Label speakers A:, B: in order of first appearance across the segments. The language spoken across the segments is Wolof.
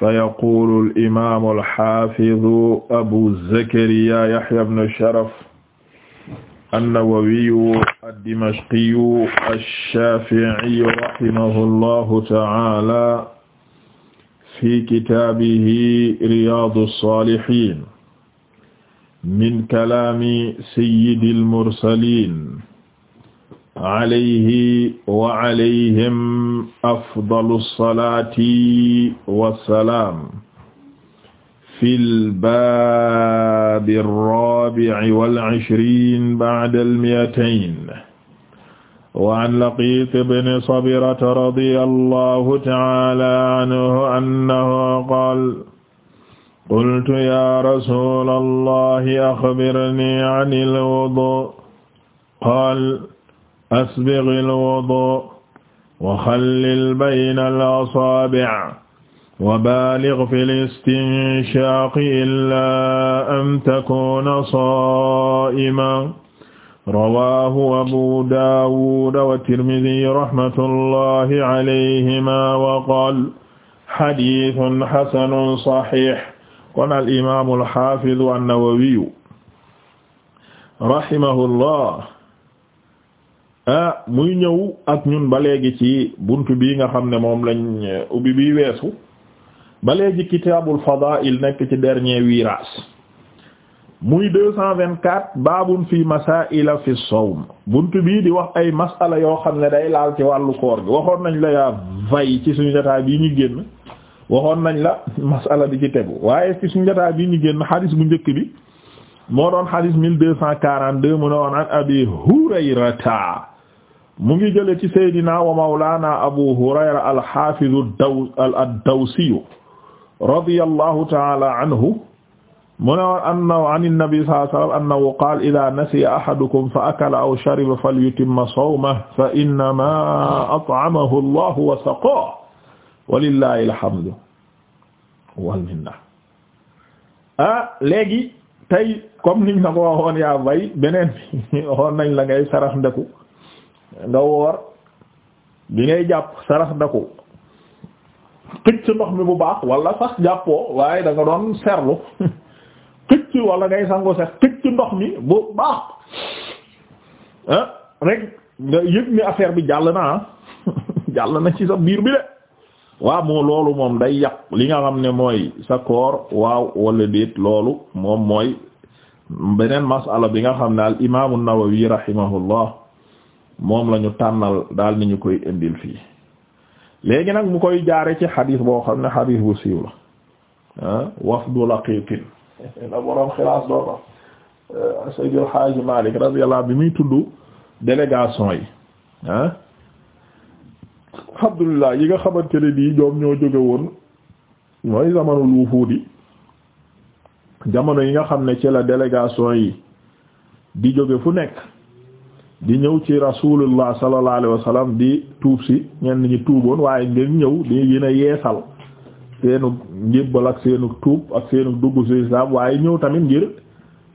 A: فيقول الإمام الحافظ أبو زكريا يحيى بن شرف النووي الدمشقي الشافعي رحمه الله تعالى في كتابه رياض الصالحين من كلام سيد المرسلين alayhi wa alayhim afdalu salaati wa salaam fil baabi raabi'i wal ishriin ba'dal mi'atayn wa an Laqiit ibn Sabirata radiyallahu ta'aala anhu annahu qaala qultu yaa rasuulallahi axbirnii anil wudu' qaala asbighi al-wudu wa xallil bayna al-asaabi' wa baalig fi al-istinshaqi illaa an takuuna saa'iman rawaahu abu daawud wa tirmidhi rahmatullahi alayhimaa wa qaala hadiisun hasanun sahiih kon al-imaamul haafidu an-nawawiyu rahimahullah Ah, muy ñëw ak ñun ba léegi ci bunt bii nga xam ne moom lañ eh, ubbi bi weesu ba léegi kitaabul fadaa'il nekk ci dernier virage muy deux cent vingt-quatre baabun fi masaa'ila fi sawm bunt bii di wax ay masala yoo xam ne day laal ci wàllu koor gi waxoon nañ la yaa vay ci suñu jotaay bii ñu génn waxoon nañ la masala di ci tegu waaye ci suñu jotaay bii ñu génn xadis bu njëkk bi moo doon xadis mille deux cent quarante-deux mu ne woon an abi hurayrata mu ngi jële ci saydina wa mawlana abu hurayra alxafidu daw addawsiyu radiyallahu taala anhu mu ne woon annahu an innabi sallallahu alayhi wa sallam annahu qaala idaa nasiya ahadukum fa akala aw shariba falyutimma sawmahu fa innamaa at'amahu allahu wa saqaahu walillahi alhamdu wal minna ah léegi tey comme niñ la ko waxoon yaa bay beneen waxoon nañ la ngay sarax ndeku nga woor bi ngay jàpp sarax ndaku xëcc ndox mi bu baax walla sax jàppoo waaye danga doon serlu xëcc wala ngay sangu sax xëcc ndox mi bu baax ah rek nga yëg ni affaire bi jàll naa ah, jàll na ci sa biir bi de waaw moo loolu moom day yàq li nga xam ne mooy sa koor waaw wala déet loolu moom mooy beneen masala bi nga xam ne al imaamu Nawawi rahimahullah moom la ñu tànnal daal ni ñu koy indil fii léegi nag mu koy jaare ci xadis boo xam ne xadis bu siiw la ah wafdu laqitin la boroom xilaas doon wax ah, Seydil Haaji bi muy tudd délégation yi ah alhamdulillah yi nga xamante ne bii ñoom ñoo jóge woon mooy zamanu luufuudi jamono yi nga xam ne ci la délégation yi di jóge fu nekk di ñëw ci rasulullah sallallahu alayhi wa sallam di tuub si ñenn ñi tuuboon waaye ngeen ñëw di gën a yeesal seenu njébbal ak seenu tuub ak seenu dugg si islam waaye ñëw tamit ngir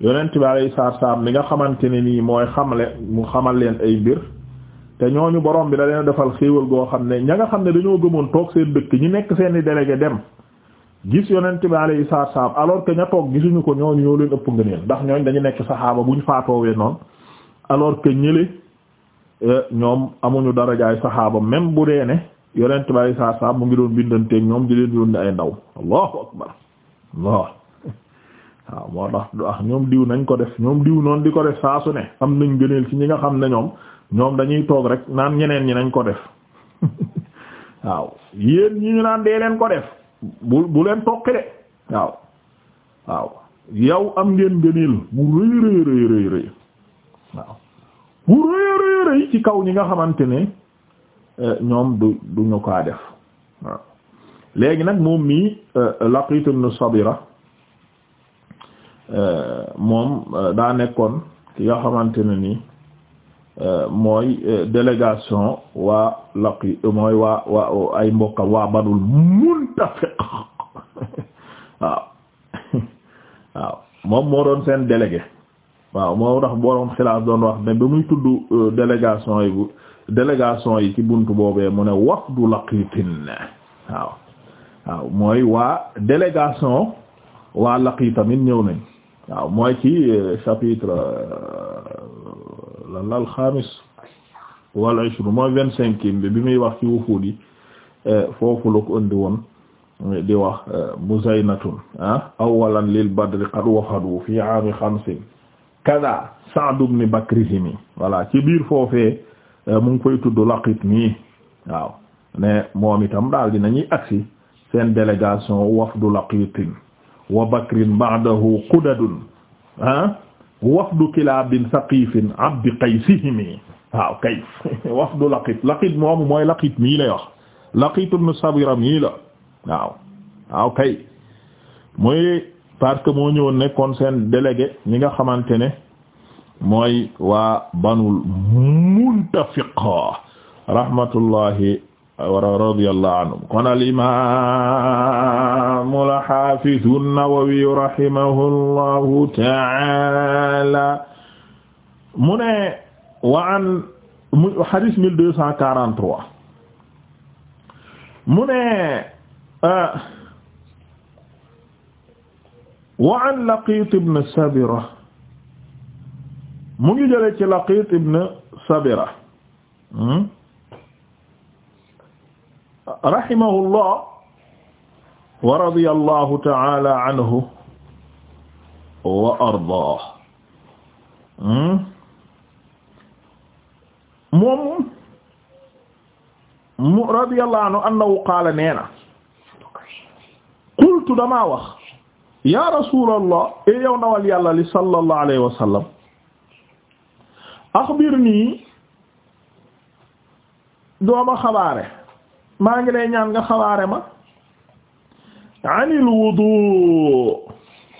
A: yonent bi alayhi salaam mi nga xamante ne nii mooy xamle mu xamal leen ay mbir te ñoo ñu borom bi da leen defal xéewal goo xam ne ña nga xam ne dañoo gëmoon toog seen dëkk ñi nekk seeni délégué dem gis yonent bi alayhi salaam alors que ña toog gisuñu ko ñooñu ñoo leen ëpp ngëneel ndax ñooñ dañu nekk saxaaba bu ñu faatoowee noonu alors que ñële eh, ñoom amuñu darajaay saxaaba même bu dee ne yonent bay saa saa mu ngi doon bindanteeg ñoom di leen yónni ay ndaw allahu akbar allah waaw moo tax du ah ñoom diw nañ ko def ñoom diw noonu di ko def saa su ne am nañ gëneel ci ñi nga xam ne ñoom ñoom dañuy toog rek naan ñeneen ñi nañ ko def waaw yéen ñi ñu naan dee leen ko def bu bu leen toqi de waaw waaw yow am ngeen gëneel bu rëy rëy rëy waaw bu rëy rëy ci kaw ñi nga xamante ne euh, ñoom du du ñu léegi nag moom mii euh, Laqit ibn Sabira euh, moom daa nekkoon ki xamante ne ni mooy délégation waa Laqit mooy waa waa ay waaw moom moo doon seen délégué waaw moo tax borom xilaaf doon wax ne ba muy tudd euh, délégation yi bu délégation yi ci buntu boobee mu ne wafdu laqiitin waaw waaw mooy waa délégation waa yi tamit ñëw nañ waaw mooy ci euh, chapitre euh, lan la alxamis wal ishru mooy vingt cinq bi bi muy wax ci wufuud yi foofu la ko indi woon di wax muzaynatun ah awalan lil badri qad wafadu fi aami xamsin kada Sa'd ibn Bakrihimi voilà ci biir foofee euh, mu ngi koy tudd laqit nii ne moom itam daal dinañuy agsi seen délégation wafdu laqitin wa bakrin ba'dahu qudadun ah wafdu kilabin saqifin abdi qaysihimi waaw laqit laqit moomu mooy laqit mii lay wax laqit ibn Sabira mii la waaw mooy parce que moo ñëwoon nekkoon seen délégué ñi nga xamante ne mooy waa banul muntafiqa rahmatullahi wa radiyallahu anhum kon al imam al an-Nawawi rahimahullahu ta'ala mu ne wa an wa an Laqiit ibn Sabira mu ngi jëlee ci Laqiit ibn Sabira hmm? rahimahullah wa radiyallahu ta'ala anhu wa ardaahu hmm? moom mu radiyallahu anhu annahu qaala nee na qultu damaa wax yaa rasuulallah e ndawal yàlla li sallallahu alayhi wa sallam axbirnii dooma xabaare maa ngi lay ñaan nga xabaare ma anil wudu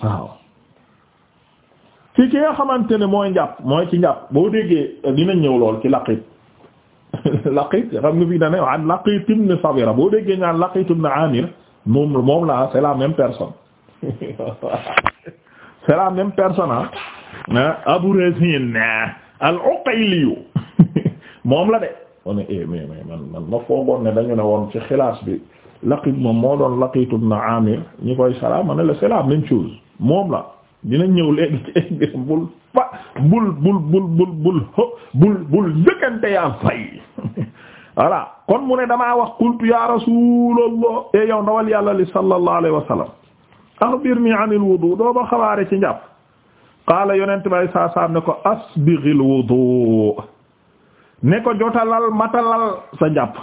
A: waaw ci ki nga xamante ne mooy njàpp mooy ci njàpp boo déggee dina ñëw lool ci laqit laqit xam nga fii da ne an laqit ibn sabira boo déggee ñaan laqit ibn amir moom moom la c'est la même personne c'est la même personne Abu Razin al-Uqayli moom la de on est eh, mais mais man ma foogoon ne dañu ne woon ci xilaas bi Laqit moom moo doon Laqit ibn Amir ñi koy sala ma ne la c'est la même chose moom la dina ñëw léegi ci ay mbir bul fa bul bul bul bul bul bul bul njëkkante yaa fay voilà kon mu ne damaa wax qultu ya Rasulullah e eh, yow ndawal yàlla li sallallahu alayhi wa sallam axbirnii mi wudu doo ba xabaare ci njàpp qaala yonent bay saa saam ne ko asbighil wudu ne ko jotalal matalal sa njàpp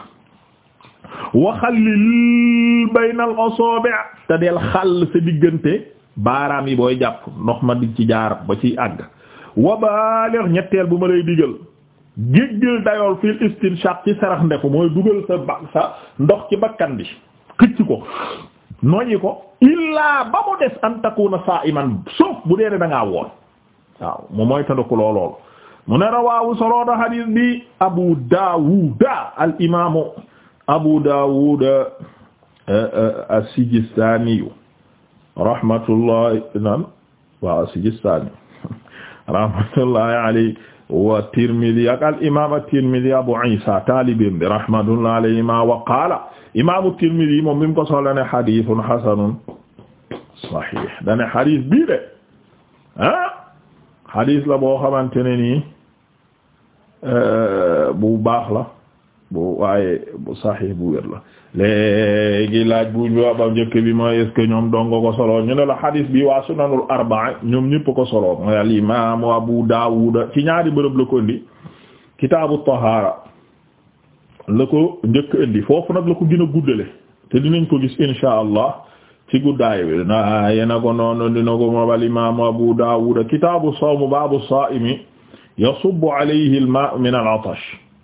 A: wa xallil baynal asaabi' te deel xàll sa diggante baaraam yi booy jàpp ndox ma di ci jaar ba ci àgg wa baaligh ñetteel bu ma lay digal géggil dayool fil istinshaq ci sarax ndeku mooy dugal sa ba sa ndox ci bakkan bi xëcc ko noyyi ko illaa ba mu des an takuna sa'iman sauf bu dee da ngaa woor waaw mu mooy tandaku loolool mu ne rawaahu solo na hadis bi Abu Dawud al imaamu Abu Dawud eh, eh, as-Sijistani rahmatullahi nan waaw as-Sijistani rahmatullahi alayhi wa Tirmidhi ak al imaam at-Tirmidhi Abu Isa taalibin bi rahmatullahi alayhima wa qaala imaamu Tirmidi moom bi mu ko soxla ne xadiisun xasanun saxiix dane xadiis bii de ah xadiis la boo xamante ne nii eh, bu baax la bu waaye bu saxiix bu wér la léegi laaj bu ba njëkk bi mooy est ñoom dongo ko solo ñu ne la xadiis bi waa sunanul arbaa ñoom ñëpp ko solo mooy al imaamu Abu Daawuda ci ñaari bërëb la ko indi kitaabu tahaara la ko njëkk indi foofu nag la ko gën a guddale te dinañ ko gis insha allah ci guddaay bi na yena ko noonu dina ko mobal imaamu abu daawuda kitaabu sawm baabu saa'imi yasubbu alayhi al-maa' min al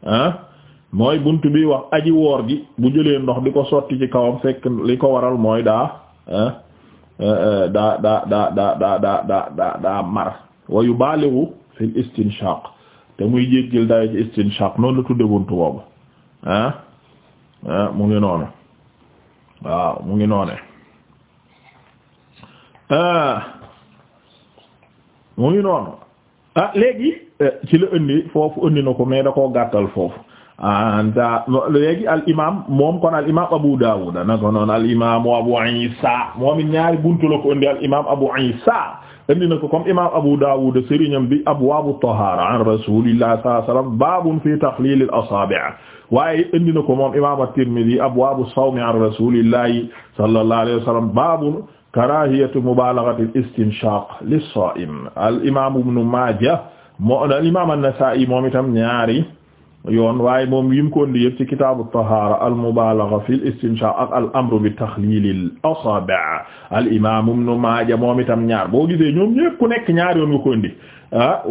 A: ah, mooy bunt bi wax aji woor gi bu jëlee ndox di ko sotti ci kawam fekk li ko waral mooy daa ah, eh, eh, daa daa daa daa daa daa daa daa mar wa yubalighu fil te muy jéggal daay ci istinshaq noonu la tudde buntu boobu ah mu ngi noonu waaw mu ngi noone euh, mu ngi noonu ah léegi euh, ci la indi foofu indi na ko mais da koo gàttal foofu anta ah, léegi al imam moom kon al imam Abu Dawud nako noon al imam Abu Isa moom it ñaari buntu la ko indi al imam Abu Isa indi na ko comme imam Abu Dawud sëriñam bi abwaabu tahaara an rasulillahi sallallahu alayhi wasallam baabun fi taxlil al asaabi' waaye indi na ko moom imam at-Tirmidhi abwaabu sawmi an rasulillahi sallallahu alayhi wasallam baabun karaahiyatu mubaalaghati al istinshaq lis-saa'im al imam ibn Maajah mo al imam an-Nasaa'i moom itam ñaari yoon waaye moom yim ko indi yëpp ci kitaabu al mubalagha fil istinshaq ak al amru bi taxliilil asaabi' al imaam ibnu maaja moom itam ñaar boo gisee ku nekk ñaar yoon ko indi ah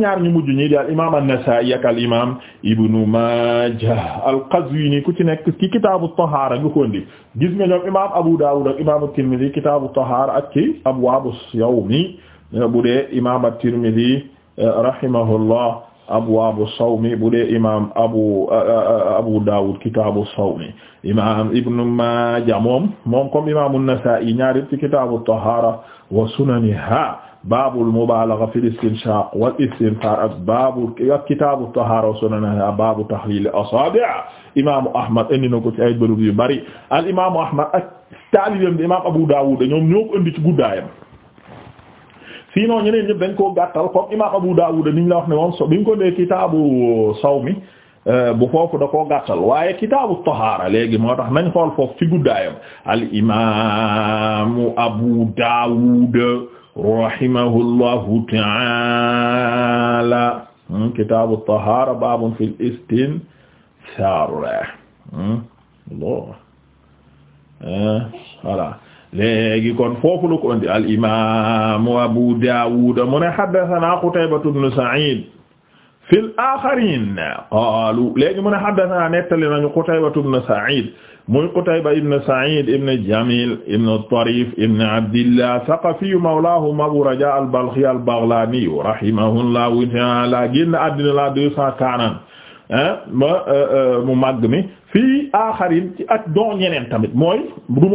A: ñaar ñu mujj ñi di al imaam an-nasaa'i ak al imaam ibnu maaja al qazwiini ku ci nekk ci kitaabu tahaara nga ko indi gis nga ñoom imaam abu daawud ak imaam at-tirmidhi kitaabu tahaara ak ci abwaabu sawmi bu dee imaam abu abu Dawud kitaabu sawmi imaam Ibn Maaja moom moom comme imaamu Nasaa'i ñaari ci kitaabu tahaara wa sunanihaa baabul mubaalaga fil istinshaaq wal istinfaar ak baabu ak kitaabu tahaara wa sunanihaa baabu tahliil asaabi' imaamu Ahmad indi na ko ci ay bërëb yu bari al imaamu Ahmad ak taalibeem bi imaam Abu Dawud ñoom ñoo ko indi ci guddaayam. sinon ñeneen ñëpp dañ koo gàttal comme imam Abu Dawud niñ la wax ne moom so ko dee kitaabu sawmi euh, bu foofu da koo gàttal waaye kitaabu tahaara léegi moo tax nañ xool foofu ci al imaamu Abu Dawud rahimahullahu ta'ala hmm, kitaabu tahaara baabun fil istinsaar hmm, euh, voilà léegi kon foofu la ko andi al imam Abu Dawud mu ne haddathana Sa'id fil akharin qaalu léegi mu ne haddathana nettali nañu Qutayba ibn Sa'id muy Qutayba ibn Sa'id ibn Jamil ibn Tarif ibn Abdillah Thaqafi mawlahum Abu Raja al-Balkhi al-Baghlani rahimahullahu ta'ala génn àddina la deux cent quarante ma euh, euh, mu màgg mi fii akharin ak doon tamit mooy du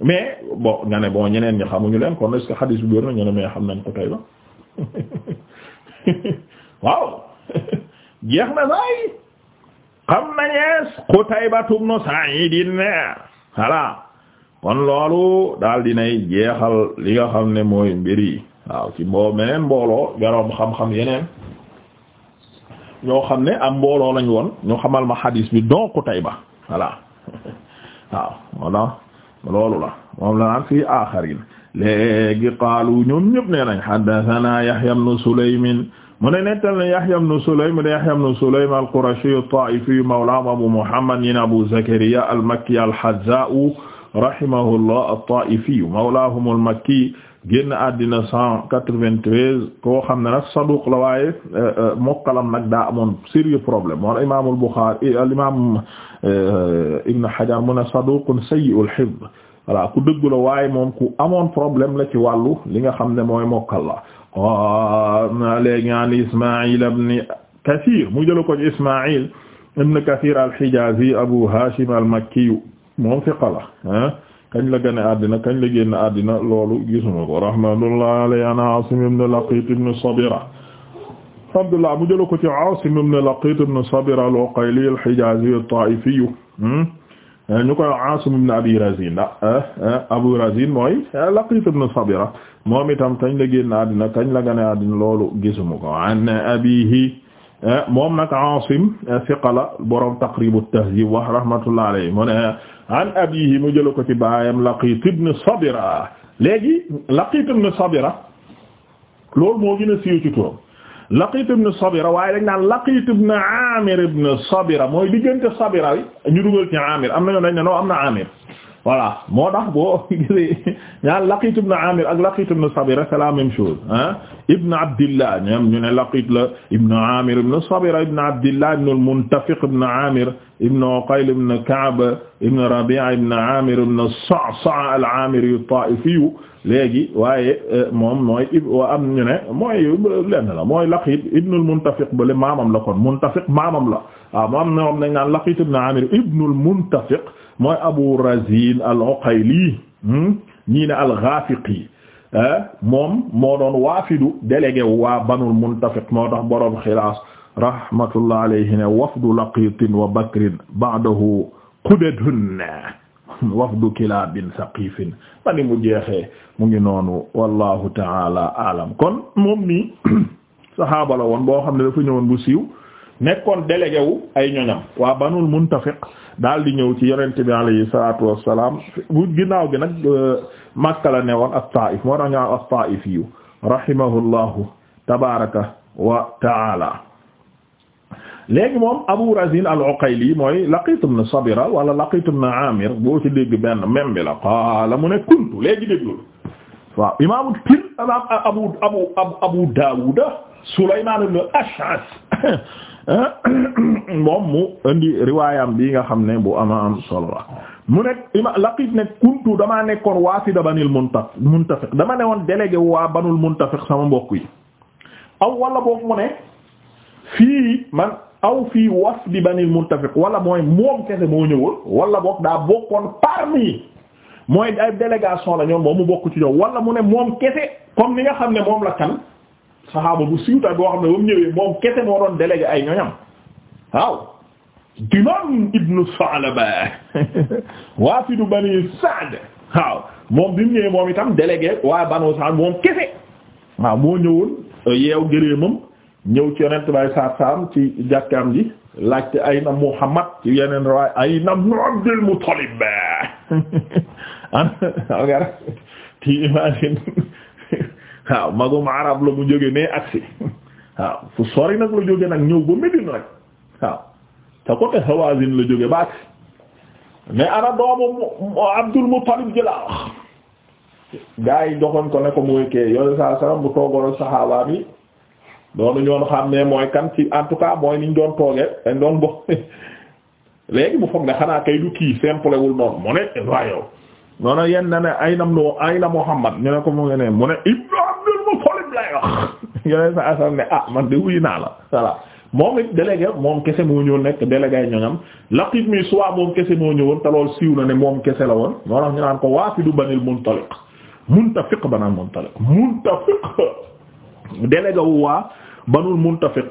A: mais bon nga ne bon ñeneen ñi xamuñu leen kon est-ce xadis bi wér na ñu ne xam nañ ko ba waaw jeex na saay xam nañees Qutayba ibn Sa'id ne voilà kon loolu daal dinay jeexal li nga xam ne mooy mbir yi waaw ci mboo meneen mbooloo garoom xam-xam yeneen ñoo xam ne am mbooloo lañ woon ñu xamal ma xadis bi donc ba voilà waaw wala loolu la moom la naan fii aaxarin léegi qaalu ñoom ñëpp nee nañ haddathana Yahya ibn Sulaym mu ne nettal ne Yahya ibn Sulaym de Yahya ibn Sulaym al-Qurashi at-Taa'ifi mawlaahum Abu Muhammad ibn Abu Zakariya al-Makki al-Hadhdhaa rahimahullah at-Taa'ifi mawlaahum al-Makki génn àddina cent quatre-vingt-treize koo ne nag saduq la waaye euh, euh, mokkalam nag daa amoon sérieux problème wala Imaam al-Bukhaari al-Imaam Euh, ibn Hajar mu ne saduqun sayyi'ul hifz voilà ku dëggu la waaye moom ku amoon problème la ci wàllu li nga xam ne mooy mokkal la qala léegi an Isma'il ibn Kathir mu jëla ko Isma'il ibn Kathir al-Hijazi Abu Hashim al-Makki moom fiqa la kañ la gane àddina kañ la génn àddina loolu gisuma ko rahmatullahi alayhi an Asim ibn Laqit ibn Sabira Abdullah mu jëla ko ci Asim ibn Laqit ibn Sabir al-Uqayli al-Hijazi at-Taifi ñu koy Asim ibn Abi Razin ah, ah, ah, Abu Razin mooy moom itam kañ la génn àddina kañ la gane àddina loolu gisuma ko an abihi moom nag Asim siqala borom Taqrib at-Tahdhib wa rahmatullah alayhi mu ne an mu jëla ko ci baayam Laqit ibn Sabira léegi Laqit ibn Sabira loolu moo gën a siiw ci turam Laqiit ibn Sabira waaye dañ naan Laqiit ibn Amir ibn Sabira mooy diggante Sabira yi ñu dugal ci Amir am na ñoom dañ ne noo am na Amir voilà moo tax boo gisee ñaan Laqiit ibn Amir ak Laqiit ibn Sabira c'est la même chose ah ibn Abdillah ñoom ñu ne Laqiit la ibn Amir ibn Sabira ibn Abdillah ibn al-Muntafiq ibn Amir ibn Uqayl ibn Ka'b ibn Rabi'a ibn Amir ibn Sa'sa'a al-Amiri at-Ta'ifi léegi waaye euh, moom mooy wa am ñu ne mooy lenn la mooy Laqiit ibnul Muntafiq bale maamam la kon Muntafiq maamam la waaw ah, mu am ñoom dañ naan Laqiit ibn Amir ibnul Muntafiq mooy Abu Razin al-Uqayli hmm? ñii ne al-Ghafiqi eh? moom moo doon waafidu délégué waa Banul Muntafiq moo tax boroom xilaas rahmatullah alayhi ne wafdu Laqiitin wa Bakrin ba'dahu qudadun wafdu kilaabin saqifin ma ni mu jeexee mu ngi noonu wallahu taala alam kon moom nii saxaaba woon boo xam ne dafa ñëwoon bu siiw nekkoon délégué wu ay ñoñam waa banul muntafiq daal di ñëw ci yonent bi alayhi salaatu wassalaam bu ginnaaw gi nag euh, Makka la ne woon at-Taa'if moo tax ñu am at-Taa'ifi yu rahimahullahu tabaraka wa taala léegi moom Abu Razin al-Uqayli mooy Laqit ibn Sabira wala Laqit ibn Amir boo ci dégg benn même la qaala mu ne kuntu léegi déglul waaw imaamu tir imaam Abu Abu Abu Dawud Sulaymaan ibn al-Ash'as moom mu indi riwaayam bii nga xam ne bu ama am solo mu nekk ima Laqit ne kuntu damaa nekkoon waafida Banil Muntafiq dama ne woon délégué waa Banul Muntafiq sama mbokk yi aw wala boog mu ne fii aw fii wafdi banil muttafiq wala mooy moom kese moo ñëwul wala boog daa bokkoon parmi mooy ay délégation la moom mu bokk ci ñoom wala mu ne moom kese comme ni nga xam ne moom la kan saxaaba bu siiwtaay boo xam ne ba mu ñëwee moom kese moo doon délégué ay ñoñam waaw Dimaam ibnu Sa'laba waafidu bani Sa'd waaw moom bi mu ñëwee moom itam délégué waa banu Sa'd moom kese waaw moo ñëwoon euh, yeew gëreemam ñëw ci yonent bay saar saam ci jàkkaam ji laajte ayna Muhammad ci yeneen rawaay ayna ibn Abdul Muttalib an agara ti imagine waaw magum arab la mu jóge ne aksi waaw sori nag la jóge nag ñëw ba Medina rek waaw te côté la jóge ba aksi mais ana doomu Abdul Muttalib ji laa wax gaa yi joxoon ko ne ko mooy kee yonent saa saam bu toogoon saxaabaa bi noonu ñoon xam ne mooy kan ci en tout cas mooy niñ doon toogee dañ doon bo léegi mu foog ne xanaa kay du kii simple wul noonu mu ne eh, waa yow noonu yenn na ne ay nam no ay na Muhammad ñu ne ko mu ngi ne mu ne ibnu Abdul Muttalib lay wax yoneen sa asal ne ah man de wuy naa la voilà moom it délégué moom kese moo ñëw nekk délégué ñoñam laqit mi soit moom kese moo ñëwoon te lool siiw na ne moom kese la woon moo tax ñu naan ko waafidu banil muntaliq muntafiq banal muntaliq muntafiq délégué wu waa banul muntafiq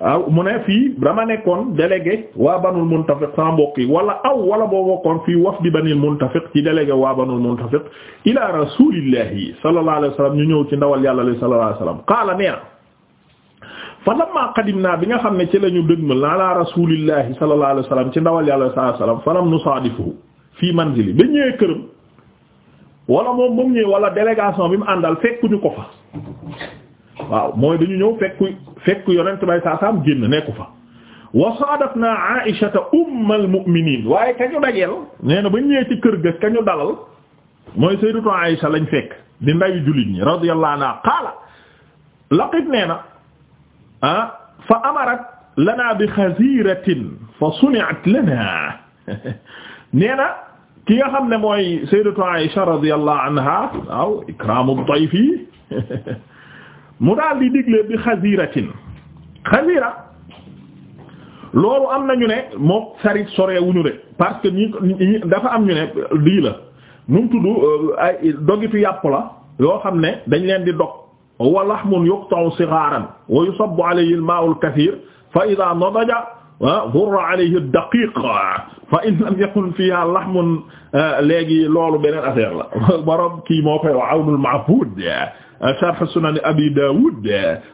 A: waaw ah, mu ne fii dama nekkoon délégué waa banul muntafiq sama mbokk yi wala aw wala boo bokkoon fii wafdi banil muntafiq ci délégué waa banul muntafiq ila rasulillahi sallallahu alayhi wa sallam ñu ñëw ci ndawal yàlla la sallallahu alayhi wa sallam qaala nee na fa lamma qadimna bi nga xam ne ci lañu ñu dëgmal laa rasulillahi sallallahu alayhi wa ci ndawal yàlla sallallahu alayhi wa sallam falam fii manzili ba ñëwee këram wala moom moom ñëwee wala délégation bi mu àndal ko waaw mooy dañu ñëw fekku fekku yonent bay saa saam génn nekku fa wa saadatna aishata ummal waaye kañu dajeel nee na ba ñëwee ci kër ga kañu dalal mooy sayyidatu aisha lañ fekk di ndayu jullit ñi radiyallahu anha qaala laqit nee na ah fa amarat lana bi xaziratin fa suni'at lana nee na ki nga xam ne mooy sayyidatu aisha radiyallahu anha waaw ikramu mu daal di digle bi xaziratin xazira loolu am na ñu ne moom sarit sore wuñu de parce que ñi dafa am ñu ne lii la nu mu tudd euh, ay dogitu yàpp la yoo xam ne dañ leen di dog wa lahmun yuqta'u sighaaran wa yusabbu alayhi al-maa'u al-kathiir fa idhaa nadaja ghurra alayhi ad-daqiiq fa in lam yakun fiihaa lahmun euh, léegi loolu beneen affaire la borom kii moo koy wax awnul ma'buud sharh sunan abi dawud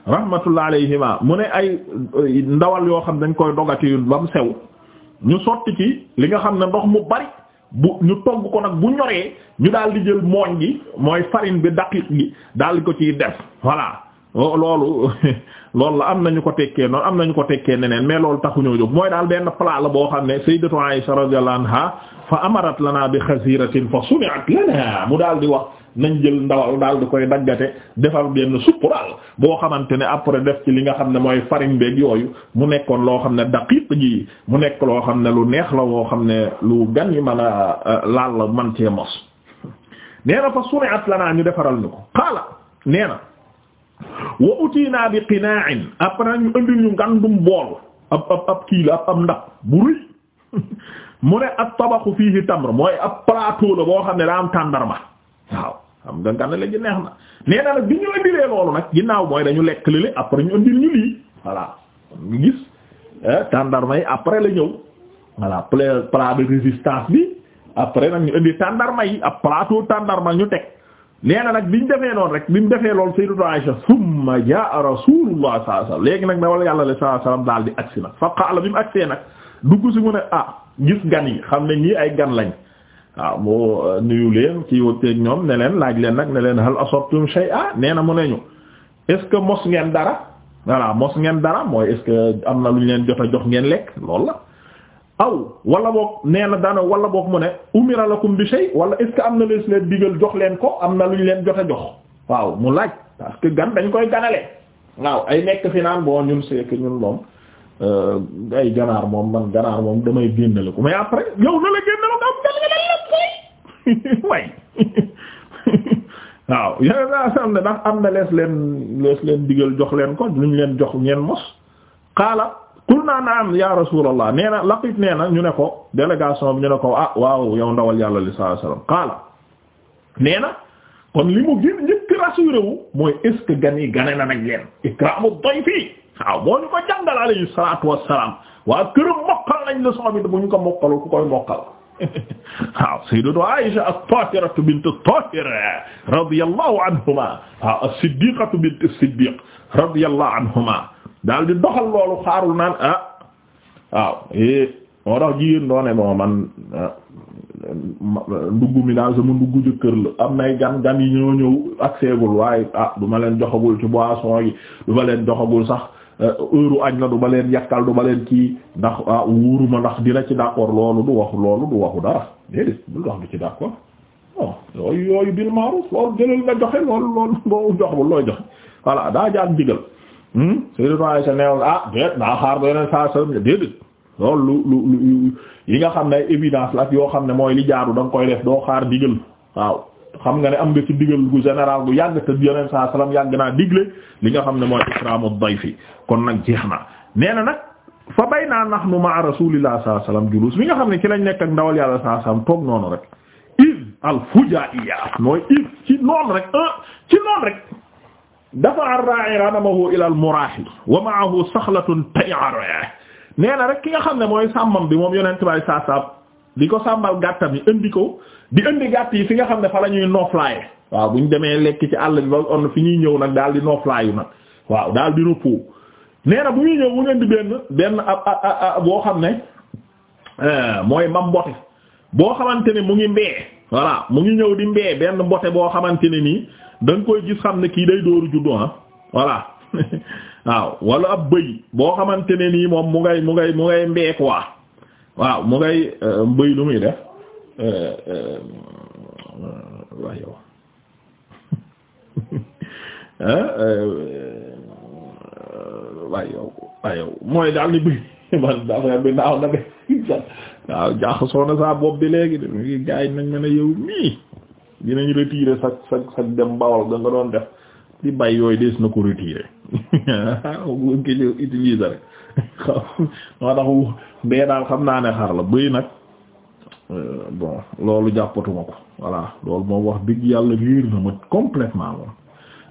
A: rahmatullah alayhima mu ne ay ndawal yoo xam dañ koy dogati ba mu sew ñu sotti ci li nga xam ne ndox mu bari bu ñu togg ko nag bu ñoree ñu daal di jël mooñ gi mooy farine bi daqiq gi daal di ko ciy def voilà loolu lool la am nañu ko tekkee noonu am nañu ko tekkee neneen mais loolu taxuñoo jóg mooy daal benn plat la boo xam ne sayyidatu Aisha radiyallahu anha fa amarat lana bi xaziratin fa suni'at lana mu daal wax nañ jël ndawal daal di koy daggate defal benn suppuraal boo xamante ne après def ci li nga xam ne mooy farine beeg yooyu mu nekkoon loo xam ne daqiq ji mu nekk loo xam ne lu neex la woo xam ne lu gan yi mën a euh, laal la man cee mos nee na fa suni'at lanaa ñu defaral ñu ko xaala nee na wa utiinaa bi qina'in après ñu indi ñu ngandum bool ab ab ab kii la ab ab bu rëy mu ne at tabaxu fiihi tamr mooy ab plateau la boo xam ne daa am tàndarma waaw xam nga gànna la gi neex na nee nag bi ñu indilee loolu nag ginnaaw mooy dañu lekk lële après ñu indil ñu lii voilà ñu gis eh, tàndarma yi après la ñëw voilà plat de résistance bi après nag ñu indi tàndarma yi ab plateau tàndarma ñu teg nee nag bi ñu defee noonu rek bi ñu defee lool sayyidatu Aisha summa jaa rasulullah sallallahu alayhi léegi nag dawal yàlla sallallahu alayhi wasallam daal di agsi nag fa qaala bi mu agsee nag dugg si mu ne ah gis gan yi xam ne ñii ay gan lañ waaw ah, moo euh, nuyu leen ci wëtteeg ñoom ne leen laaj leen nag ne leen hal asabtum shay'a nee na mu ne ñu est que mos ngeen dara voilà mos ngeen dara mooy est am na lu ñu leen jot a jox ngeen lekk loolu la aw wala boog nee na dana wala book mu ne umira lakum bi shay wala est am na lees leen digal jox leen ko am na lu ñu leen jot a jox waaw mu laaj parce que gan dañ koy ganale waaw ay nekk fi naan bon ñun c'est ñun moom Euh, ay ganaar moom man ganaar moom damay génne la ko mais après yow na la génne la ko am dal nga lees leen lees leen digal jox leen ko luñ leen jox ngeen mos xaala kul naa na am ya rasulallah nee na laqit nee na ñu ne ko délégation bi ñu ne ko ah waaw yow ndawal yàlla li sa alayhi wasallam xaala nee na kon li mu gën njëkk rassuré mooy est ce gane na nag leen ikramu dayfi waaw moo ñu ko jàngal alayhi salaatu wassalaam waa këram mokkal lañ la soxla bi bu ñu ko mokkalul ku koy mokkal waaw sayyidatu Aisha at-Tahiratu bint at-Tahir radiyallahu anhuma waaw as-Siddiqatu bint as-Siddiq radiyallahu anhuma daal di doxal loolu xaarul naan ah waaw eh, moo tax jigéen doone moo man ah, ndugg mi daal sama gan gan yi ñoo ñëw ak seegul waaye ah du ma leen joxagul ci boisson yi du ma leen joxagul sax Euh, heure añ la du ba leen yàkkal du ba leen kii ndax ah wuuruma ndax dina ci d'accord loolu du waxu loolu du waxu dara déedéet bul wax du ci d'accord non yooyu yooyu bil loolu jëlal nga joxe loolu loolu jox bu looy joxe voilà daa jaar ndigal hmm? Sayyidatu ah, loolu lu yi nga xam ne ay évidence yoo xam ne mooy li jaaru da nga koy def doo xaar ndigal waaw xam nga ne am nga ci digal gu général gu yàgg te yoneen saa salaam yàgg naa digle li nga xam ne mooy ikraamu dayfi kon nag jeex na nee na nag fa bay naa nahnu ma'a rasulillah saa salaam julus bi nga xam ne ci lañ nekk ak ndawal yàlla saa salaam toog noonu rek iz al fujaiya mooy iz ci noonu rek ah ci noonu rek dafa ar ila al murahil wa ma'ahu sakhlatun tayyara nee na rek ki nga xam ne mooy sàmmam bi moom yonent bay saa saa di ko sàmmal gàttam yi indi ko di indi gàtt yi fi nga xam ne fa la ñuy nooflaaye waaw bu ñu demee lekk ci àll bi ba on fi ñuy ñëw nag daal di nooflaayu nag waaw daal di repos bu ñuy ñëw mu ngeen di benn benn ab boo xam ne eh, mooy mam mbote boo xamante ne mu ngi mbee voilà mu ngi ñëw di mbee benn mbote boo xamante ne nii da nga koy gis xam ne kii day dóoru juddu ah voilà waaw wala ab bëy boo xamante ne nii moom mu ngay mu ngay mu ngay mbee waaw mu ngay euh, mbëy lu muy def euh, euh, waa yow waa yow mooy daal ni bëy man bi naaw na de waaw jaxasoo na saa bopp bi léegi de ngi gaa yi nañ mën yow mii dinañ retirer sag sag sag dem bawol ga nga doon def di bay yooyu des na ko retirer utiliser moo tax bee daal xam naa ne xar la bëy nag euh, bon loolu jàppatuma ko voilà loolu moom wax dëgg yàlla riir na ma complètement moom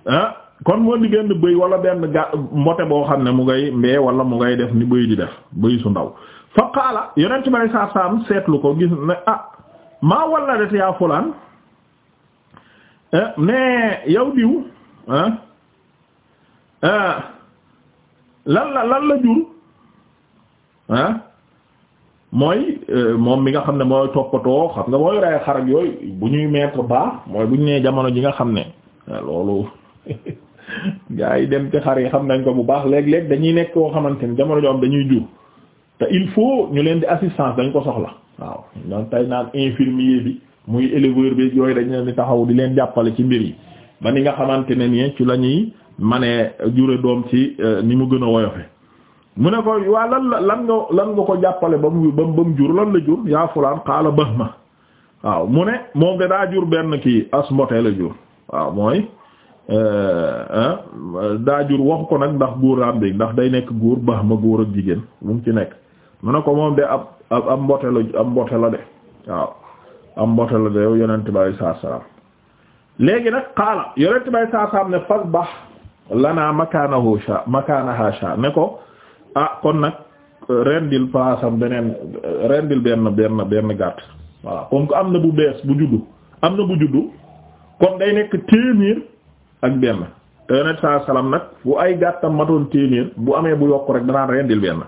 A: ah, kon moo di bëy wala benn ga mbote boo xam ne mu ngay mbee wala mu ngay def ni bëy di def bëy su ndaw fa qaala yonent bi saa saam seetlu ko gis ne ah maa walla det yaa fulaan eh, mais yow diw ah, ah, lan la lan la jur ah mooy euh, moom mi nga xam ne mooy toppatoo xam nga mooy rey xar ak bu ñuy mettre baax mooy bu ñu nee jamono ji nga xam ne loolu gaa yi dem ci xar yi xam nañ ko bu baax léeg-léeg dañuy nekk koo xamante ni jamono joo dañuy jur te il faut ñu leen di assistance dañ ko soxla waaw ñoom tey naan infirmier bi muy éleveur bi yooyu dañ leen di taxaw di leen jàppale ci mbir yi ba ni nga xamante ne nii ci la ñuy manee jure doom ci euh, ni mu gën a woyofe mu ne ko waa lan la lan nga lan nga ko jàppale ba mu ba mu jur lan la jur yaa fulaan xaala bëx ma waaw mu ne moom de daa jur benn kii as mbote la jur waaw mooy euh, daa jur waxu ko nag ndax góor am bi ndax day nekk góor bëx ma góor ak jigéen mu ngi ci nekk mu ne ko moom de ab ab mbote la ab mbote la de waaw am mbote la de yow yonent bi léegi nag xaala yonent bi alayhi salaatu ne fas bax lanaa makaanahu sha makaanaha sha ne ko ah kon nag euh, rendil paasam beneen euh, rendil benn benn benn gàtt waaw kon que am na bu bees bu juddu am na bu juddu kon day nekk téeméer ak benn te yonent saa nag bu ay gàttam matoon téeméer bu amee bu yokk rek danaan rendil benn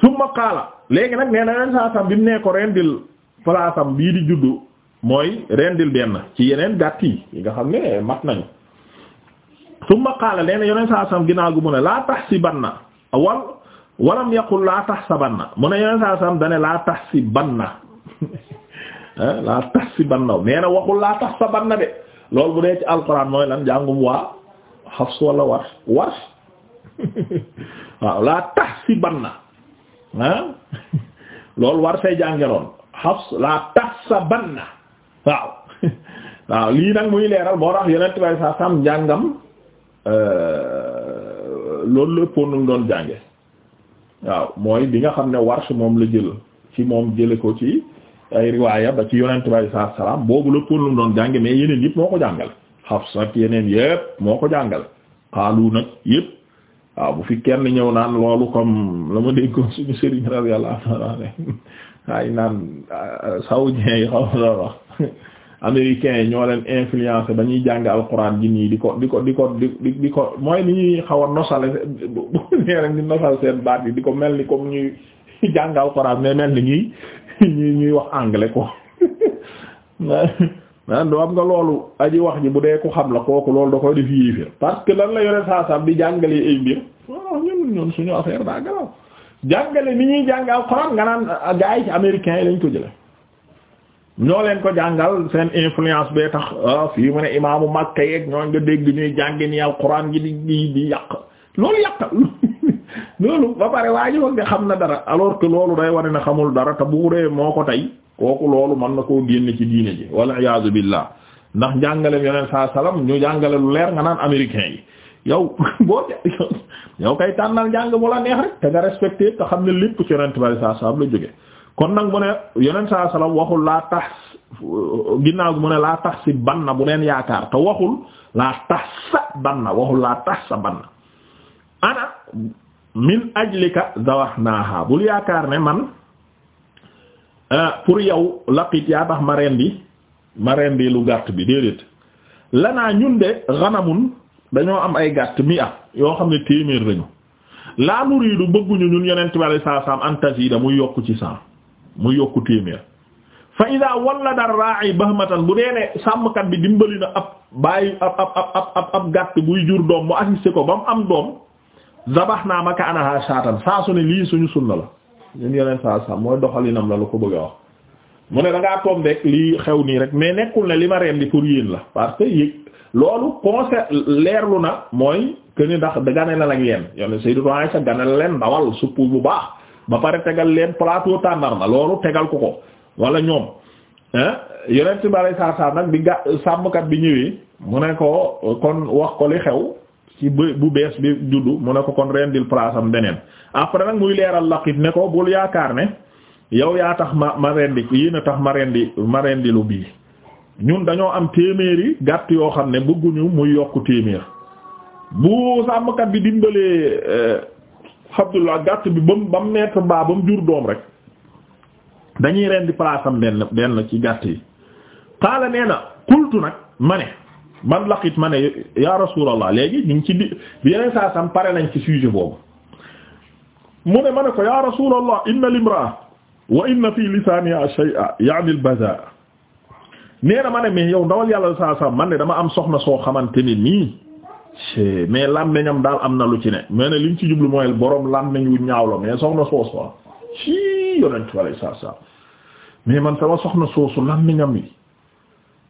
A: summa qaala léegi nag nee na yonent bi mu nee ko rendil paasam bii di juddu mooy rendil benn ci yeneen gàtt yi yi nga xam ne mat nañu summa qaala nee na yonent saa salaam ginnaaw gu mu ne laa tahsibanna awal walam yaqul laa tahsabanna mu ne yeneen saa saam dane laa tahsibanna eh, laa tahsibanna nee na waxul laa tahsabanna de loolu bu dee ci alxuraan mooy lan jàngum waa Hafs wala Warsh Warsh waaw laa tahsibanna ah loolu war say jàngeloon Hafs laa tahsabanna waaw waaw lii nag muy leeral moo tax yeneen saa saam njàngam eh, loolu lépp nu doon jànge waaw mooy bi nga xam ne warsh moom la jël ci moom jële ko ci ay riwaaya ba ci yonent bi saa salaam boobu la pour lu doon jànge mais yeneen yëpp moo ko jàngal Hafs ak yeneen yëpp moo ko jàngal xaalu nag yëpp waaw bu fi kenn ñëw naan loolu comme la ma déggoon suñu sëriñ radiyallahu anhu ay naan ah, saoudien xaw ma wax américains yi ñoo leen influencé ba ñuy jàng alxuraan ji nii di ko di ko di ko di di ko mooy ni ñuy xaw a nosale nee rek di nosal seen baat yi di ko mel ni comme ñuy jàng alxuraan mais mel ni ñuy ñuy ñuy wax anglais ko man do am nga loolu aji wax ji bu dee ku xam la kooku loolu da koy parce que lan la yore saasam di jàngale ay mbir waaw ah, ñun ñun suñu ñuy jàng alxuraan nga naan ah, gars yi ci américains yi lañ ko jële ñoo leen ko jàngal seen influence bee tax ah fii mu ne imaamu Makka yeeg ñoo nga dégg ñuy jàngi ni alxuraan gi di di di yàq loolu yàq loolu ba pare waa ji foog xam na dara alors que loolu day wane ne xamul dara te bu dee moo ko tey kooku loolu mën na koo génne ci diine ji walla iyaazu ndax jàngaleem yeneen saa salaam jàngale lu leer nga naan américain yi yow boo yow kay tànnal jàng mu la neex rek te nga respecté te xam ne lépp ci yonent bari saa saa la jóge kon nag mu ne yeneen saa salaam waxul laa tax ginnaaw bi mu ne laa tax si banna bu leen yaakaar te waxul laa tax sa banna waxul laa tax sa banna ana min ajlika zawaxnaaha bul yaakaar ne man eh, pour yow laqit yaa tax ma rendi ma rendi lu gàtt bi déedéet lanaa ñun de xanamun dañoo am ay gàtt mi ah yoo xam ne téeméer lañu laa nuriidu bëgguñu ñun yeneen tibaale saa saam antazida muy yokk ci saa mu yokku téeméer fa ida wallada ba bahmatan bu dee ne sàmmkat bi dimbali na ab bàyyi ab ab ab ab ab gàtt buy jur doom mu assisté ko ba mu am doom zabax naa ma ka anaha shaatan saa su ne lii suñu sunna la ñun yeneen saa saa mooy doxalinam la lu ko bëgg a wax. mu ne da ngaa tombeek lii xew nii rek mais nekkul ne li ma rendi pour yéen la parce que yëg loolu conseil leerlu na mooy que ni ndax ganale la ak yéen yow ne Seydou Touare sa ganale leen ndawal suppu bu baax. ba pare tegal leen plateau tàndarma loolu tegal ko ko wala ñoom yonent bi alay saa saa nag bi ga sàmmkat bi ñëwee mu ne ko kon wax ko li xew ci bu bees bi juddu mu ne ko kon rendil place am beneen après nag muy leeral laqit ne ko bul yaakaar ne yow yaa tax ma ma rendi yii na tax ma rendi ma rendi bii ñun dañoo am téeméeri gàtt yoo xam ne bëgguñu muy yokk téeméer bu sàmmkat bi dimbalee euh, Abdullah gàtt bi ba mu ba mu mettre baa ba mu jur doom rek dañuy rendi place am benn benn ci gàtt yi xaala nee na kultu nag ma ne man laqit ma ne ya rasulallah léegi ñu ngi ci di yeneen saa sam pare nañ ci sujet boobu mu ne ma ne ko ya rasulallah inna limraa wa inna fi lisaaniha shay'a ya'ni al-baza nee ma ne mais yow ndawal yàlla saa sam man ne dama am soxna soo xamante ni nii mais làmmiñam daal am na lu ci ne mais ne liñ ci jublu mooy boroom làmmiñ wu ñaaw la mais soxna soosu ah ci yonent wala saa saa man sama soxna soosu làmmiñam yi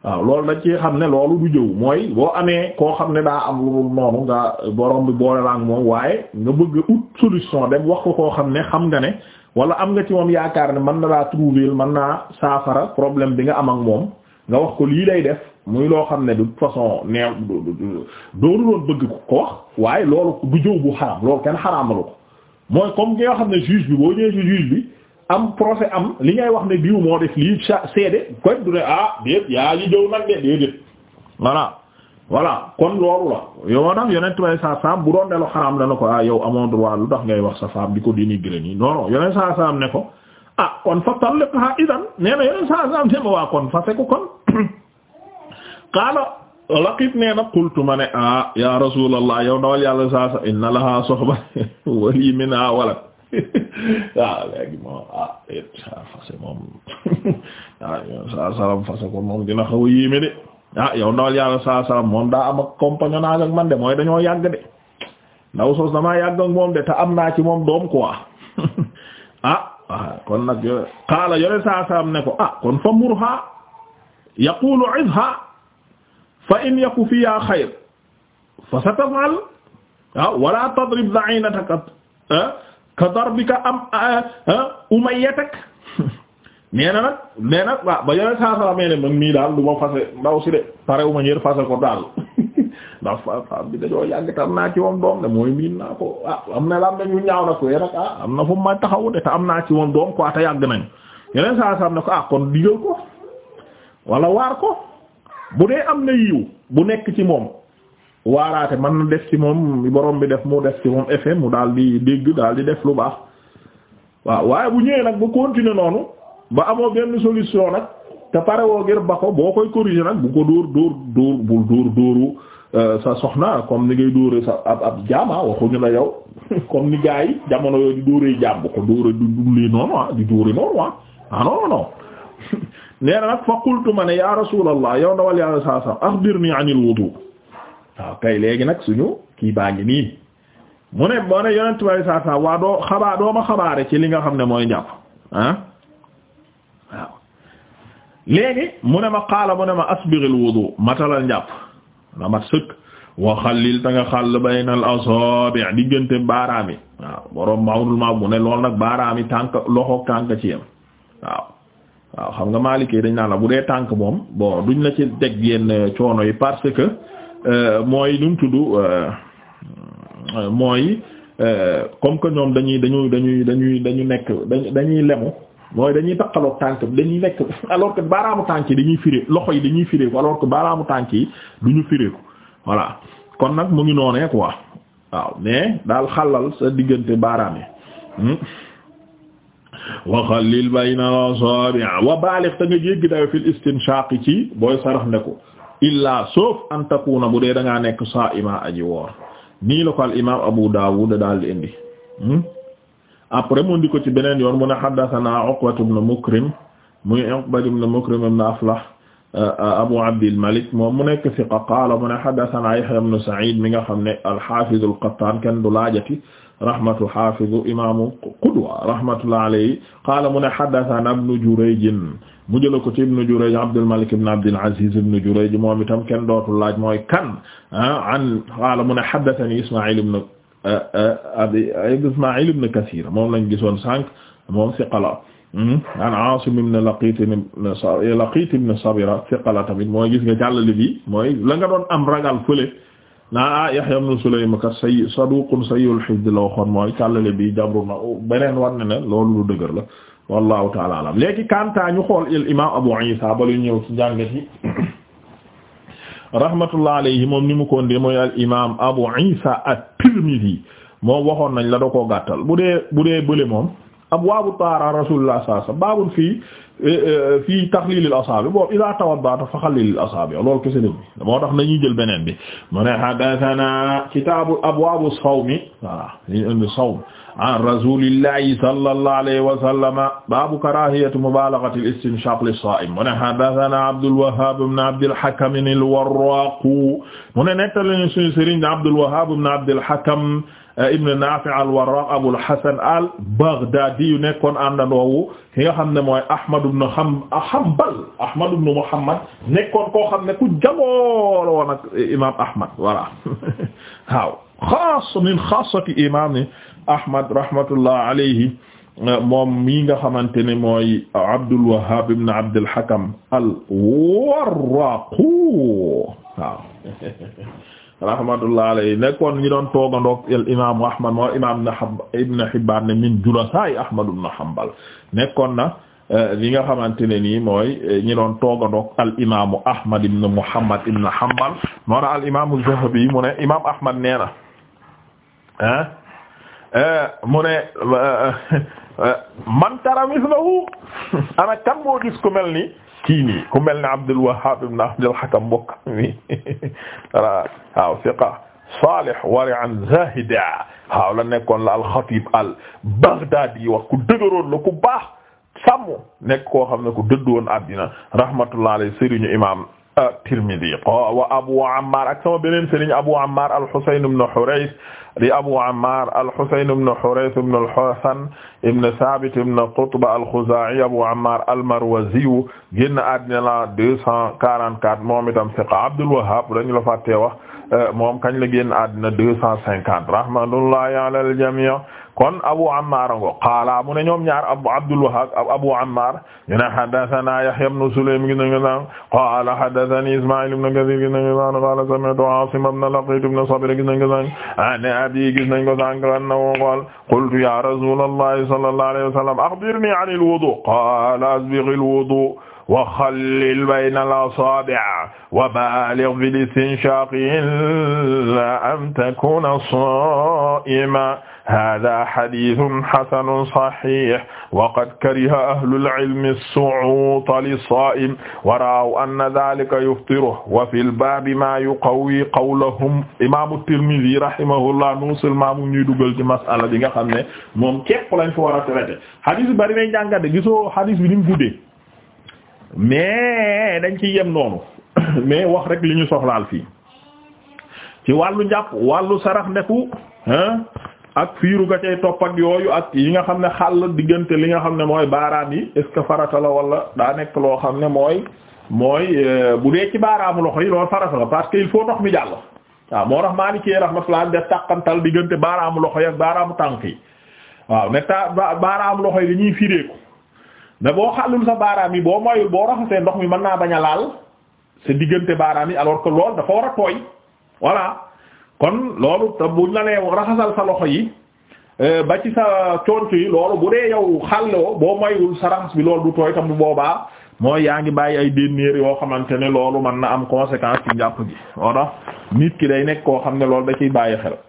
A: waaw loolu dañ ci xam ne loolu du jëw mooy boo amee koo xam ne daa am lu noonu nga borom bi boole la moom waaye nga bëgg ut solution dem wax ko koo xam ne xam nga ne wala am nga ci moom yaakaar ne mën na laa trouver mën naa saafara problème bi nga am ak moom nga wax ko lii lay def. muy loo xam ne de toute façon neew dooru doon bëgg ko wax waaye loolu du jëw bu xaram loolu kenn xaraamalu ko mooy comme nga xam ne juge bi boo ñëwee ci juge bi am procès am li ngay wax ne diw moo def lii sa seede koy du ne ah déet yaa ngi jëw nag de déedéet voilà voilà kon loolu la yow moo tax yonent bay saa saam bu doon delu xaraam dana ko ah yow amoon droit lu tax ngay wax sa femme di ko dénigrer nii non non yonent saa saam ne ko ah kon fa talliqha idan ko qaala laqit nee na qultu ma ne ah ya rasulallah yow ndawal yàlla saa sa inna laha soxba wali mina walad waaw ah, léegi moom ah sa fase ah, moom dina xaw a yéeme de ah, ndawal yàlla saa moom daa am ak compagnonnage man de mooy dañoo yàgg de ndaw sos damaa yàgg ak moom de te am naa ci moom doom quoi ah kon nag yore saa ne ko ah kon fa murha yaqulu idha fa in yaku fiha xayr fa sa tafal waaw wala tadrib da'inataka ka darbika am umayyatak nee na nag nee ba yore saa saa man mii daal du fase ndaw si de pare uma ñër fase ko daal ndax fa fam bi dañoo yàgg te am naa ci moom doom de mooy miin naa ko ah am na la am ñaaw na koy rek am na fu ma taxawu de am naa ci moom doom quoi te yàgg nañu yeneen saa ne ko ah kon digal ko wala waar ko bu dee am na yiw bu nekk ci moom waaraate man na def ci moom borom bi def mu def ci moom effet mu daal di dégg daal di def lu baax waaw waaye bu ñëwee nag bu continuer noonu ba amoo benn solution nag te parewoo woo ngir ba ko boo koy corriger nag bu ko dóor dóor dóor bul dóor dóoru euh, sa soxna comme ni ngay dóore sa ab ab jaama ah, waxuñu la yow comme ni gaa yi jamono yooyu di dóoree jaam bu ko dóore du dullee noonu ah di dóore noonu ah ah nee na nag fa qultu ma ne ya rasulallah yow ndawal yàlla saa salam axbirni anil wudu waaw kay léegi nag suñu kii baa ngi nii mu ne moo ne yonent bi saa saa waa doo xabaa doo ma xabaare ci li nga xam ne mooy njàpp ah waaw léegi mu ne ma qaala mu ne ma asbiril wudu matalal njàpp na mat sëkk wa xallil ta nga xàll baynal asabi' diggante baaraam yi waaw borom maawul maaw mu ne lool nag baaraam yi tànk loxo tànk ci yam waaw waaw xam nga maalikee dañ naan la bu dee tànk moom bon duñ la ci teg yenn coono yi parce que euh, mooy lu mu tudd euh, euh, mooy comme que ñoom dañuy dañuy dañuy dañuy dañu nekk dañuy lemu mooy dañuy takkaloog tànk bi dañuy nekk alors que baaraamu tànk yi dañuy firé loxo yi dañuy firé ko alors que baaraamu tànk yi duñu firé ko voilà kon nag mu ngi noonee quoi waaw mais daal xalal sa diggante baaraam yi. Hmm? wa xallil bayna al-asaabi' wa baalig te nga jéggi dayo fil istinshaq ci booy saraf ne ko illaa sauf an takuna bu dee da ngaa nekk saa'ima aji woor nii la ko al imaam Abu Daawud daal di indi hmm? après mu ndi ko ci beneen yoon mu ne haddathana Uqbatu ibn Mukrim muy Uqbatu ibn Mukrim ibn Aflah uh, Abu Abdil Malik moom mu nekk siqa qaala mu ne haddathana Yahya ibn Sa'id mi nga xam ne al-Hafiz al-Qattan kenn du laajati rahmatu hafizu imamu qudwa rahmatullah alayhi qala mu ne hadathana ibnu Jurayj mu jëla ko ci ibnu Jurayj Abdulmalik ibn Abdul Aziz ibnu Jurayj moom itam kenn dootul laaj mooy kan ah, an qala mu ne hadathani Isma'il ibn ah, ah, abi Isma'il ibn Kathir moom lañ gisoon sànq moom siqala hmm? an Aasim ibn Laqiit Laqiit ibn Sabira siqala tamit mooy gis nga jàllale bi mooy la nga doon am ragal fële naa ah Yahya ibn Sulaym kat say saduqun sayyul hifd la waxoon mooy càllale bi jabru beneen war ne ne loolu lu dëgër la wallahu taala alam léegi kanta ñu xool il imam Abu Isa balu ñëw ci njàngat yi rahmatullah alayhi moom ni mu ko ndee mooy al imam Abu Isa at-Tirmidhi moom waxoon nañ la da koo gàttal bu dee bu dee bële moom abwaabu tahaara rasulullah sallallahu alayhi wasallam baabun fii eh, eh, fii taxliilil asaabi boobu idaa tawadda'ta fa xalliilil asaabi loolu kese la bi moo tax nañuy jël beneen bi mu ne haddasanaa kitaabu abwaabu sawmi voilà li ñu indi sawm an rasulillahi sallallahu alayhi wa sallama baabu karahiyati mubalagati al-istinshaq lis-sa'im mu ne haddathana Abdul Wahhab ibn Abdil Hakam al-Warraq mu ne nettali suñu sëriñ Abdul Wahhab ibn Abdil Hakam eh, ibn Nafi' al-Warraq Abul Hasan al-Baghdadi yu nekkoon àndandoowu ki nga xam ne mooy Ahmad ibn ah, Hanbal Ahmad ibn Muhammad nekkoon koo xam ne ku jagool woon ak imaam Ahmad voilà waaw xaas min xaasati imaam Ahmad rahmatullah alayhi moom mii nga xamante ne mooy Abdul Wahhab ibn Abdul Hakam al-Warraq waaw rahmatullah alayhi nekkoon ñi doon toogandoog al imaamu Ahmad moo nekkoon na eh, li nga xamante ne nii mooy eh, ñi doon toogandoog al imaamu Ahmad ibn Muhammad ibn Hanbal moo al imaamu Zahabi mu ne Eh, mu ne eh, eh, man tara mislahu ana kan moo gis ku mel ni kii nii ku mel ni Abdul Wahhab ibn Abdul Hakam mbokk mi waaw fiqa salih wari'an zahida waaw la nekkoon la al-Khatib al-Baghdadi wax ku dëgëroon la ku baax sàmm nekk koo xam ne ku dëddu woon addina rahmatullah alayhi sëriñu imam at-Tirmidhi wa Abu Ammar ak sama beneen sëriñ Abu Ammar al-Husayn ibn Hurayth di Abu Ammar al-Husayn ibn Hurayth ibn al-Hasan ibn Thabit ibn Qutba al-Khuza'i Abu Ammar al-Marwazi génn àddina la 244 moom itam thiqa Abdul Wahhab dañu la fàtte wax euh, moom kañ la génn àddina 250 rahmatullahi ala al-jami' kon Abu Ammar ngo qaala mu ne ñoom ñaar Abu Abdul Wahhab Abu Ammar ñu ne haddathana Yahya ibn Sulaym gis nañu naan qaala haddathani Isma'il ibn Kathir gis nañu naan qaala sami'tu Asim ibn Laqit ibn Sabir gis nañu naan an abi gis nañu ko sànq na woo qaala qultu ya Rasulallahi sallallahu alayhi wa sallam akhbirni an al-wudu' qaala asbigh al-wudu' wa xallil bayna al-asaabi' wa baalig fil istinshaq illaa an takuuna saa'iman hada xaditun xasanun saxix waqad kariha ahlulilmi suuta lissaa'im wa raaw anna dalika yuftiruhu wa fi lbaabi maa yuqawwi qawlahum imaamu Tirmidi rahimahullah non seulement mu ñuy dugal ci masala bi nga xam ne moom képp lañ fi war a traité xadis bi bari nañ jàngate gisoo xadis bi ni mu guddee mais dañ ciy yem noonu mais wax rek li ñu soxlaal fii ci wàllu njàpp wàllu sarax ndeku ah ak fiiru ga cay topp ak yooyu ak yi nga xam ne xàll diggante li nga xam ne mooy baaraam yi est farata la wala daa nekk loo xam ne mooy mooy euh, bu dee ci baaraamu loxo yi loolu farata la parce que il faut ndox mi jàll waaw moo tax Maliki rahmatullah def tàqantal diggante baaraamu loxo yi ak baaraamu tànk yi waaw ne ta baaraamu loxo yi dañuy firéeku mais boo xàllul sa baaraam yi boo moyul boo raxasee ndox mi mën naa bañ a laal sa diggante baaraam yi alors que dafa war a kon loolu te buñ la raxasal sa loxo yi euh, ba ci sa conc yi loolu bu dee yow xàlloo boo mayul sa raxas bi loolu du tooy tam bu boobaa mooy yaa ngi bàyyi ay dénnéer yoo xamante ne loolu mën na am conséquence ci njàpp bi wala nit ki day nekk koo xam ne loolu da ciy bàyyi xel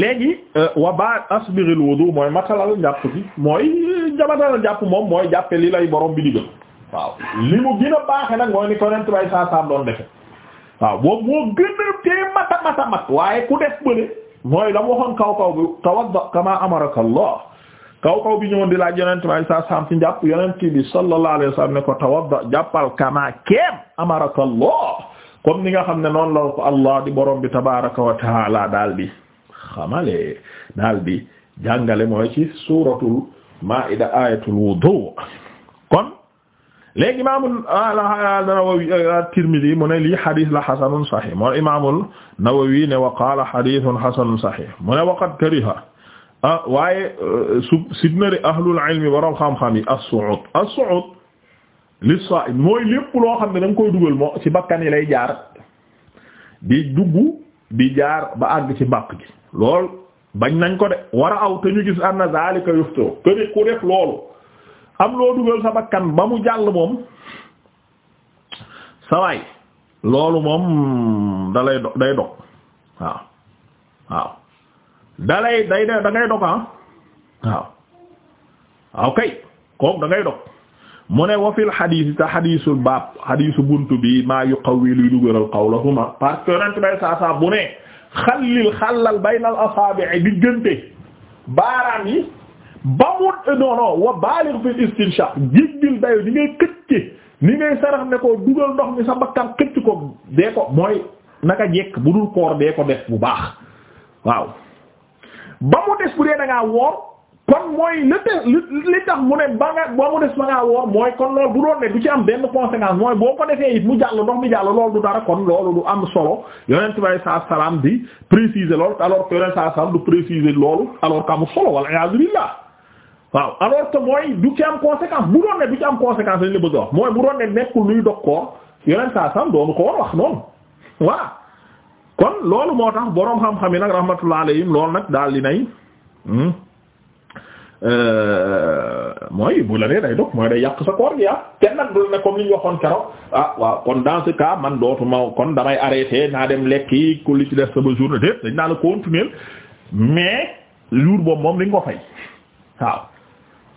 A: léegi euh, wa ba asbiril wudu mooy matalal njàpp bi mooy jamatal njàpp moom mooy jàppe li lay borom bi digal waaw li mu gën a baaxe nag mooy ni ko nent saa saam doon defe waaw boobu moo gën a tee mata mata waaye ku def bële mooy la mu waxoon kaw bi tawadda kama amaraka Allah kaw bi ñëwoon di laaj yonent bi saa saam ci njàpp yonent bi sallallahu alayhi wasallam ne ko tawadda jàppal kama keem amaraka Allah comme ni nga xam ne noon la ko Allah di borom bi tabaaraka wa daal bi xamale daal bi jàngale mooy ci suuratul maa'ida aayatul wudu léegi imaamul Nawawi Tirmidi mu ne lii xadis la xasanun saxiix mu ne imaamul Nawawi ne wa qaala xadisun xasanun saxiix mu ne waqad kariha ah waaye euh, su sidnari ahlul ilmi boroom xam-xam yi as-su'ud as-su'ud lis-saa'im mooy lépp loo xam ne da dugal moo ci bakkan yi lay jaar di dugg di jaar ba àgg ci mbàq gi lool bañ nañ ko de war a aw te ñu anna zaalika yuftoo ku def loolu. am loo dugal sa bakkan ba mu jàll moom sawaay loolu moom dalay do day dog waaw waaw da lay day da ngay dog ah waaw waaw ah, kay kooku dog mu ne wa fil xadiis te xadiisul baab xadiisu bunt bi maa yuqawwi luy dugaral qawlahuma parce que yonent bay saa saa bu ne xallil xallal baynal asaabi diggante baaraam yi ba mu eh, non non wa baalir fil istinshaq jéggil dayo ni ngay këcce ni ngay ne ko dugal ndox mi sa bakkan këcc ko dee ko mooy naka jekk bu dul koor dee ko def bu baax waaw ba mu des bu dee da ngaa woor kon mooy li mu ne ba mu des ba ngaa woor mooy kon loolu bu doon ne du ci am benn conséquence mooy boo ko defee it mu jàll ndox mi jàll loolu du dara kon loolu du am solo yonent bay saa salaam di préciser loolu alors que yonent saa salaam alors que amul solo wala waaw alors que mooy du ci am conséquence bu doon ne du ci am conséquence lañ la bëgg a wax mooy bu doon ne nekkul luy dog koor yeneen saa sam doonu ko war wax noonu voilà kon loolu moo tax boroom xam-xam yi nag rahmatullah alayhim loolu nag daal di nay hmm, euh, mooy bu la nee day dog mooy day yàq sa koor gi ah kenn nag du la ne comme li ñu waxoon keroog ah waaw kon dans ce cas man dootuma kon damay arrêté naa dem lekki ku li ci def sama journée déet dañ naa la mais jour boobu moom dañ ko fay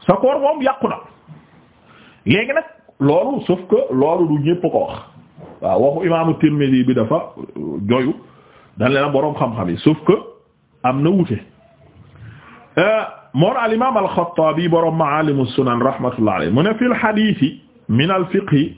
A: sa koor yàqu na léegi nag loolu sauf loolu du ñépp ko wax waaw waxu imaamu Tirmidhi bi dafa euh, joyu dañ leen boroom xam-xam yi sauf que am na wute euh, moon al imaam al-Xattaabi boroom Maalimu Sunan rahmatullahi alayhi mu ne fil hadiisi min al fiqhi